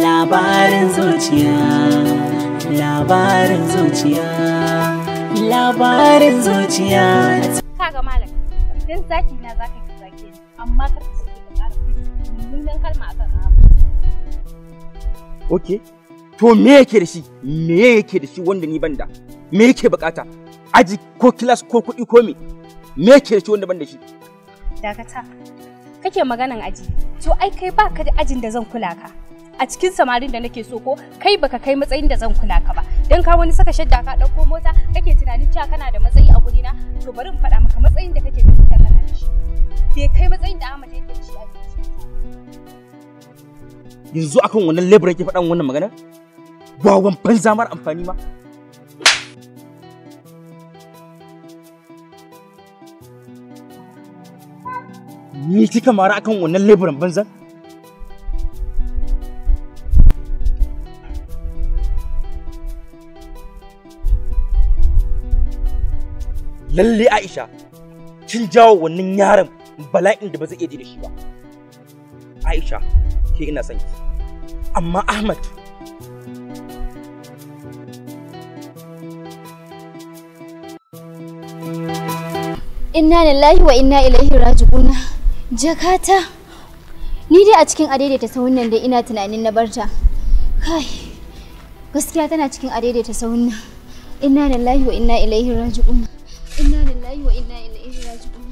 Labarin zuciya, labarin zuciya, labarin zuciya. Kaga malam, idan zaki na za ka zage ni, amma ka ta sake da ƙarfi, mummunan kalma akan abu. Ok, to me yake da shi? Me yake da shi wanda ni banda? Me yake bukata? Aji ko kilas ko kuɗi ko me? Me yake da shi wanda banda shi? Dakata. kake maganan aji to ai kai ba ka da ajin da zan kula ka a cikin samarin da nake so ko kai baka kai matsayin da zan kula ka ba dan ka wani saka shadda ka dauko mota kake tunanin cewa kana da matsayi a gurina to bari in faɗa maka matsayin da kake tunanin da kana da shi ke kai matsayin da Ahmad yake shi a yanzu akan wannan lebura ke faɗan wannan magana ba wan banza amfani ma Ni kika mara akan wannan leburan banza? Lalle Aisha, kin jawo wannan yaron bala'in da ba zai iya ji da shi ba. Aisha, ke ina son ki. Amma Ahmad, inna lillahi wa inna ilaihi raji'una Jakata, ni dai a cikin adaidaita sahun nan da ina tunanin na barta. Kai, gaskiya tana cikin adaidaita sahun nan. Inna lillahi wa inna ilaihi raji'un. Inna lillahi wa inna ilaihi raji'un.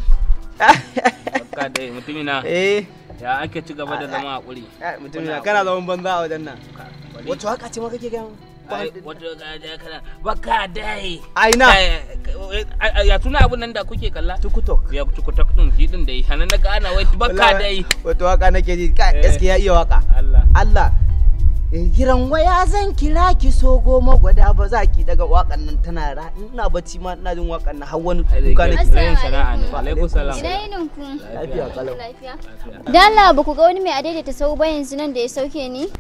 Ka dai mutumina. Eh. Ya ake ci gaba da zama a kuri. Mutumina kana zaman banza a wajen nan. Wato haka ce ma kake gaya mu? wato baka dai aina ya tuna abun nan da kuke kalla tukutok ya tukutok din shi din sanan na kana wai baka dai wato waka nake ji ka eh. ya iya waka Allah Allah eh, kiran waya zan kira ki so goma gwada ba za ki daga wakan nan tana ra ina bacci ma ina jin wakan nan har wani kuka ne kiran sana'a ne alaikum salam idainin ku lafiya kalau lafiya dalla ba ku ga wani mai adaidaita sau ba yanzu nan da ya sauke ni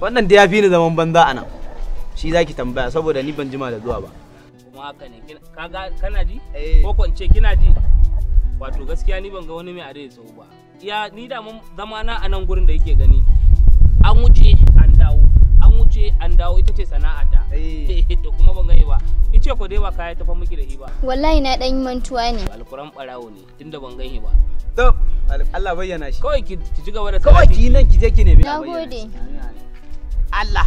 wannan da ya fi ni zaman banza nan shi zaki tambaya saboda ni ban jima da zuwa ba kuma haka ne kaga kana ji eh. ko ko in ce kina ji wato gaskiya ni ban ga wani mai are tsawo ba ya ni da mun zama na a nan gurin da yake gani an wuce an dawo an wuce an dawo ita ce sana'a ta. to eh. kuma ban gani ba ice ko dai ba kaya fa miki da ba wallahi na dan yi mantuwa ne alquran barawo ne tunda ban gani ba to Allah bayyana shi kawai ki ji gaba da kawai ki nan ki je ki nemi Allah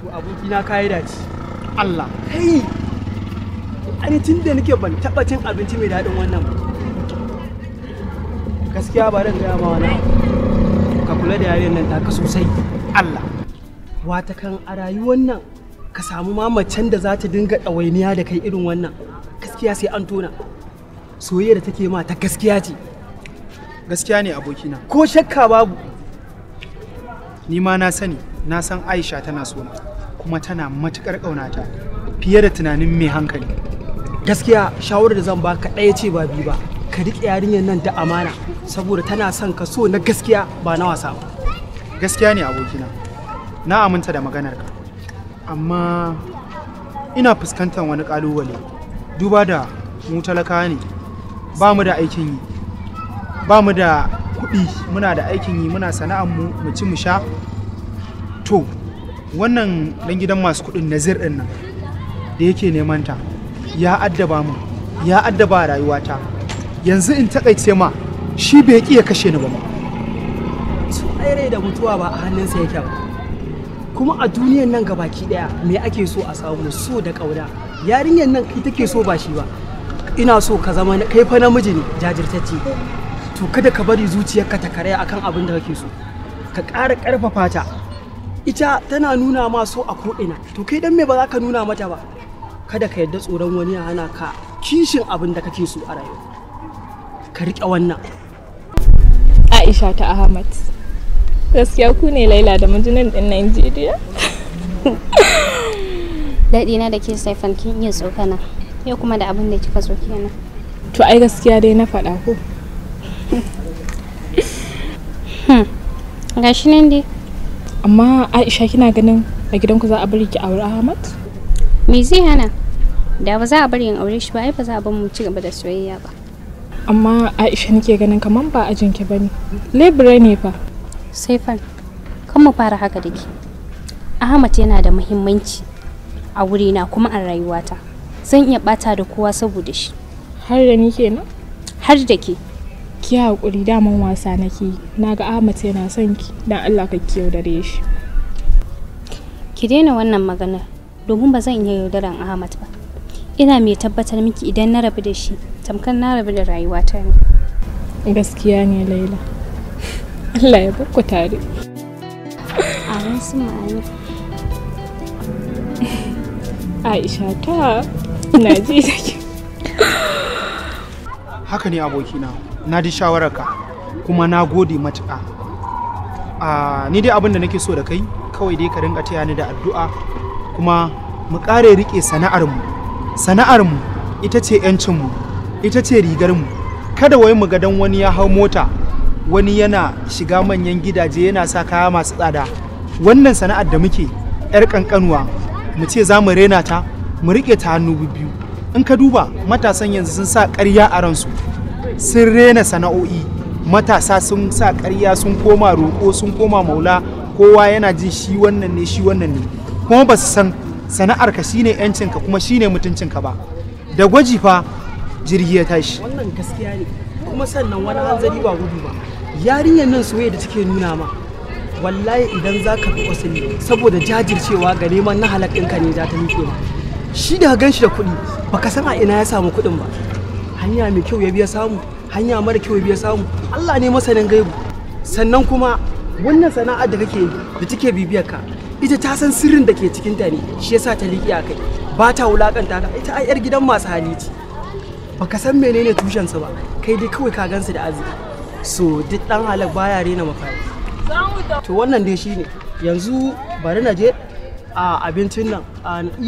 to abokina ka yi Allah kai ani tun da nake ban taɓa cin abinci mai daɗin wannan ba gaskiya ba ran gaya ma wani ka kula da yaren nan taka sosai Allah wata kan a rayuwar nan ka samu mamacen da za ta dinga ɗawainiya da kai irin wannan gaskiya sai an tona soyayya da take ma ta gaskiya ce gaskiya ne abokina ko shakka babu ni ma na sani na san aisha tana sona kuma tana matukar ƙaunata fiye da tunanin mai hankali gaskiya shawarar da zan baka ɗaya ce ba biyu ba ka riƙe yarinyar nan da amana saboda tana son ka so na gaskiya ba na wasa ba gaskiya ne abokina na aminta da maganarka amma ina fuskantar wani ƙalubale duba da mu talaka ne ba mu da aikin yi ba mu da kuɗi muna da aikin yi muna sana'ar mu mu ci mu sha to wannan dan gidan masu kudin nazir din nan da yake neman ta ya addaba mu ya addaba rayuwata yanzu in takaice ma shi bai ki ya kashe ni ba ma tsere da mutuwa ba a hannunsa yake ba kuma a duniyan nan gabaki ɗaya me ake so a samu so da ƙauna yarinyar nan kai take so ba shi ba ina so ka zama kai fa namiji ne jajirtacce to kada ka bari zuciyarka ta karaya akan abin da kake so ka ƙara ƙarfafa ta ita tana nuna ma so a ko'ina to kai dan me ba za ka nuna mata ba kada ka yadda tsoron wani ya hana ka kishin abin da kake so a rayuwa ka riƙe wannan aisha ta ahmad gaskiya ku ne laila da mujinan din nigeria. daɗi na da ke saifan kin iya tsokana ya kuma da abin da kika so kenan to ai gaskiya dai na faɗa ko hmm. gashi nan dai amma aisha kina ganin a gidanku za a bari ki aure ahmad me zai hana da ba za a bari in aure shi ba ai ba za a bar mu ci gaba da soyayya ba amma aisha nake ganin kamar ba ajin ki bane lebura ne fa sai fa kan mu fara haka dake ahmad yana da muhimmanci a wuri na kuma a rayuwata zan iya bata da kowa saboda shi har da ni kenan har da ke ki yi haƙuri daman wasa nake ke na ga ahmad yana son ki dan allah ka ki yaudare shi ki daina wannan maganar domin ba zan iya yaudaran ahmad ba ina mai tabbatar miki idan na rabu da shi tamkar na rabu da rayuwata ne gaskiya ne laila allah ya bakku tare amin su ma'ani aisha ta na ji haka ne abokina na ji shawararka kuma na gode matuƙa ni dai abin da nake so da kai kawai dai ka rinka taya ni da addu'a kuma mu ƙare riƙe sana'armu sana'armu ita ce 'yancinmu ita ce rigarmu kada wai mu ga dan wani ya hau mota wani yana shiga manyan gidaje yana sa kaya masu tsada wannan sana'ar da muke 'yar ƙanƙanuwa mu ce za mu rena ta mu riƙe ta hannu biyu in ka duba matasan yanzu sun sa ƙarya a ransu sun rena sana'o'i matasa sun sa ƙarya sun koma roƙo sun koma maula kowa yana jin shi wannan ne shi wannan ne kuma ba su san sana'arka shine yancinka kuma shine mutuncinka ba da gwaji fa jirgi ya tashi wannan gaskiya ne kuma sannan wani hanzari ba gudu ba yarinyar nan soyayya da take nuna ma wallahi idan za ka bi ne, saboda jajircewa ga neman na halakinka ne za ta miƙe ma shi da gan shi da kuɗi baka san a ina ya samu kuɗin ba hanya mai kyau ya biya samu hanya mara kyau ya biya samu Allah ne masanin gaibu sannan kuma wannan sana'ar da kake da take bibiyar ka ita ta san sirrin da ke cikin ta ne shi yasa ta liƙi a kai ba ta wulakanta ka ita ai yar gidan masu hali ce baka san menene tushen sa ba kai dai kawai ka gansu da arziki so duk dan halak baya rena mafari to wannan dai shine yanzu bari na je a abincin nan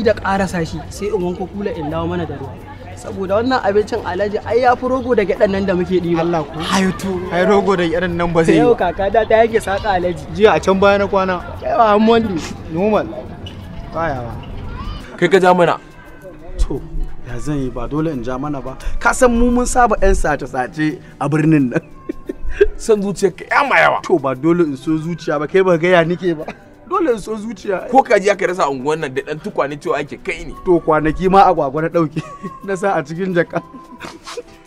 a da ƙarasa shi sai in wanko kula in dawo mana da ruwa saboda wannan abincin alaji ai ya fi rogo da gyaɗan nan da muke ɗiba Allah ku hayato hayo rogo da gyaɗan nan ba zai yi yau kaka da ta yake saka alaji jiya a can baya na kwana yawa hammandi normal baya ba kai ka ja mana to ya zan yi ba dole in ja mana ba ka san mu mun saba yan sace-sace a birnin nan san zuciyarka ya ma yawa to ba dole in so zuciya ba kai ba gaya nike ba dole so zuciya ko ji aka rasa unguwan nan da dan tukwane cewa ake kai ne to kwanaki ma agwagwa na dauke na sa a cikin jaka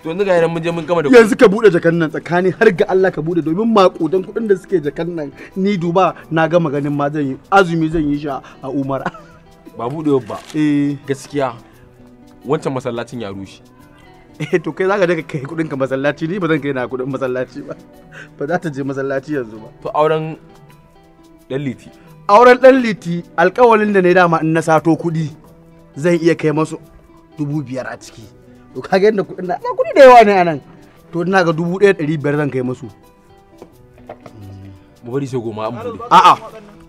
to yanzu ga yaran mun je mun gama da yanzu ka bude jakan nan tsakani har ga Allah ka bude domin makudan kudin da suke jakan nan ni duba na gama ganin ma zan yi azumi zan yi sha a Umar ba bude ba eh gaskiya wancan masallacin ya rushe eh to kai zaka daga kai kudin ka masallaci ni ba zan kai na kudin masallaci ba ba za ta je masallaci yanzu ba to auren dan liti auren ɗan liti alkawalin da na dama in na sato kuɗi zan iya kai masu dubu biyar a ciki to kaga yadda kuɗin na kuɗi da yawa ne anan to ina ga dubu ɗaya ɗari biyar zan kai masu mu bari sai goma an bude a'a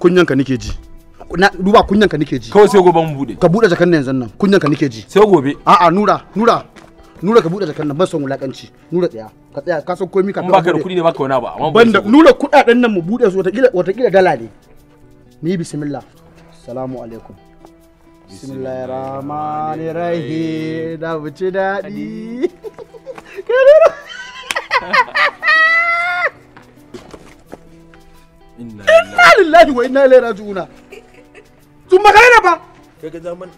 kunyanka nake ji na duba kunyanka nake ji kawai sai gobe mu bude ka bude jakan nan yanzu nan kunyanka nake ji sai gobe a'a nura nura nura ka bude jakan nan ban son wulakanci nura tsaya ka tsaya ka san komai ka ba ka da kuɗi ne ba ka wani ba amma ban da nura kuɗaɗen nan mu bude su wata kila dala ne mi bismillah salamu alaikum bismillah rahman rahim da buci daɗi inna lillahi wa inna ilaihi raji'una tun ba gane ba kai ga zaman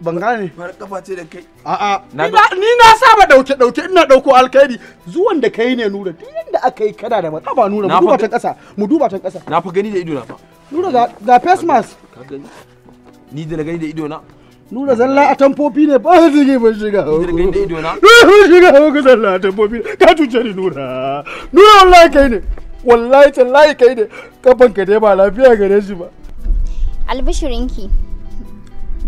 ban gane fara kafa ce da kai a'a ni na saba dauke dauke ina dauko alkhairi zuwan da kai ne nura duk yanda akai yi kana da matsaba nura mu duba ta kasa mu duba ta kasa na fa gani da ido na fa Nura ga ga face mask. Ka gani? Ni da gani da ido na. Nura zalla a tamfofi ne ba zai ke ban shiga. Ni da gani da ido na. Ban shiga hauka zalla a tamfofi Ka tuce ni Nura. Nura wallahi kai ne. Wallahi tallahi kai ne. Kafan ka dai ba lafiya gare shi ba. Albishirinki.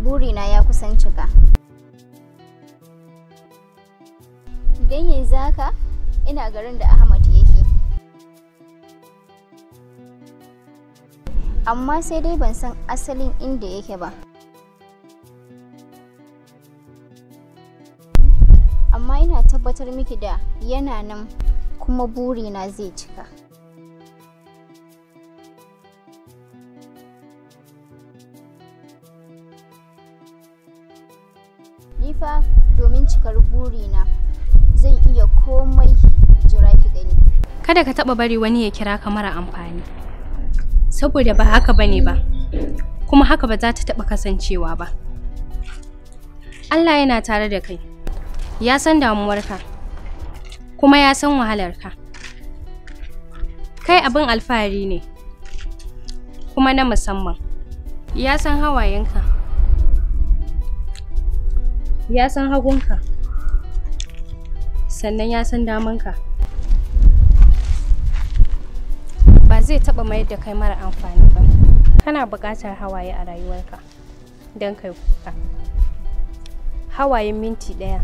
Burina ya kusan cika. Dan yanzu haka ina garin da Ahmad amma sai dai ban san asalin inda yake ba amma ina tabbatar miki da yana nan kuma burina zai cika nifa domin cikar burina zan iya komai jira ki gani kada ka taɓa bari wani ya kira ka mara amfani saboda ba haka bane ba kuma haka ba za ta taɓa kasancewa ba Allah yana tare da kai ya san damuwarka kuma ya san wahalarka kai abin alfahari ne kuma na musamman ya san hawayenka ya san hagunka sannan ya san damanka ba zai taɓa mayar da kai mara amfani ba kana buƙatar hawaye a rayuwarka don kai kuka hawayen minti ɗaya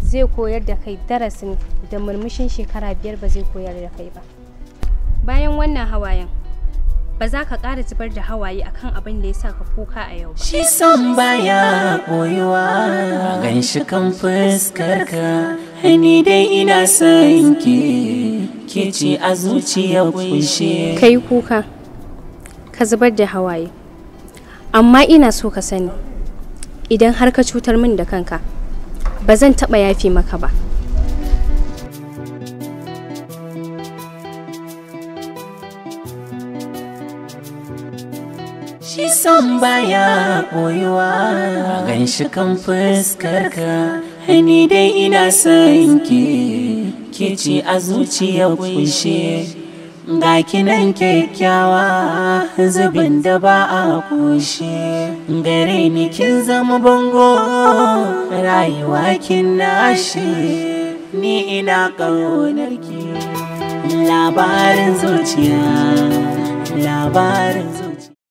zai koyar da kai darasin da murmushin shekara biyar ba zai koyar da kai ba bayan wannan hawayen ba za ka ƙara zubar da hawaye a kan abin da ya sa ka kuka a yau ba. Shi son baya koyuwa gan shi kan fuskar ka ni dai ina son ki ke ce a zuciya kunshe kai kuka ka zubar da hawaye amma ina so ka sani idan har ka cutar min da kanka ba zan taɓa yafi maka ba shi son baya koyuwa gan shi kan ni dai ina son ki ke ce a zuciya kunshe ga kinan kyakkyawa zubin da ba a kushe gare ni kin zama bango rayuwa kin nashi, ni ina ƙaunar ki labarin zuciya labarin zuciya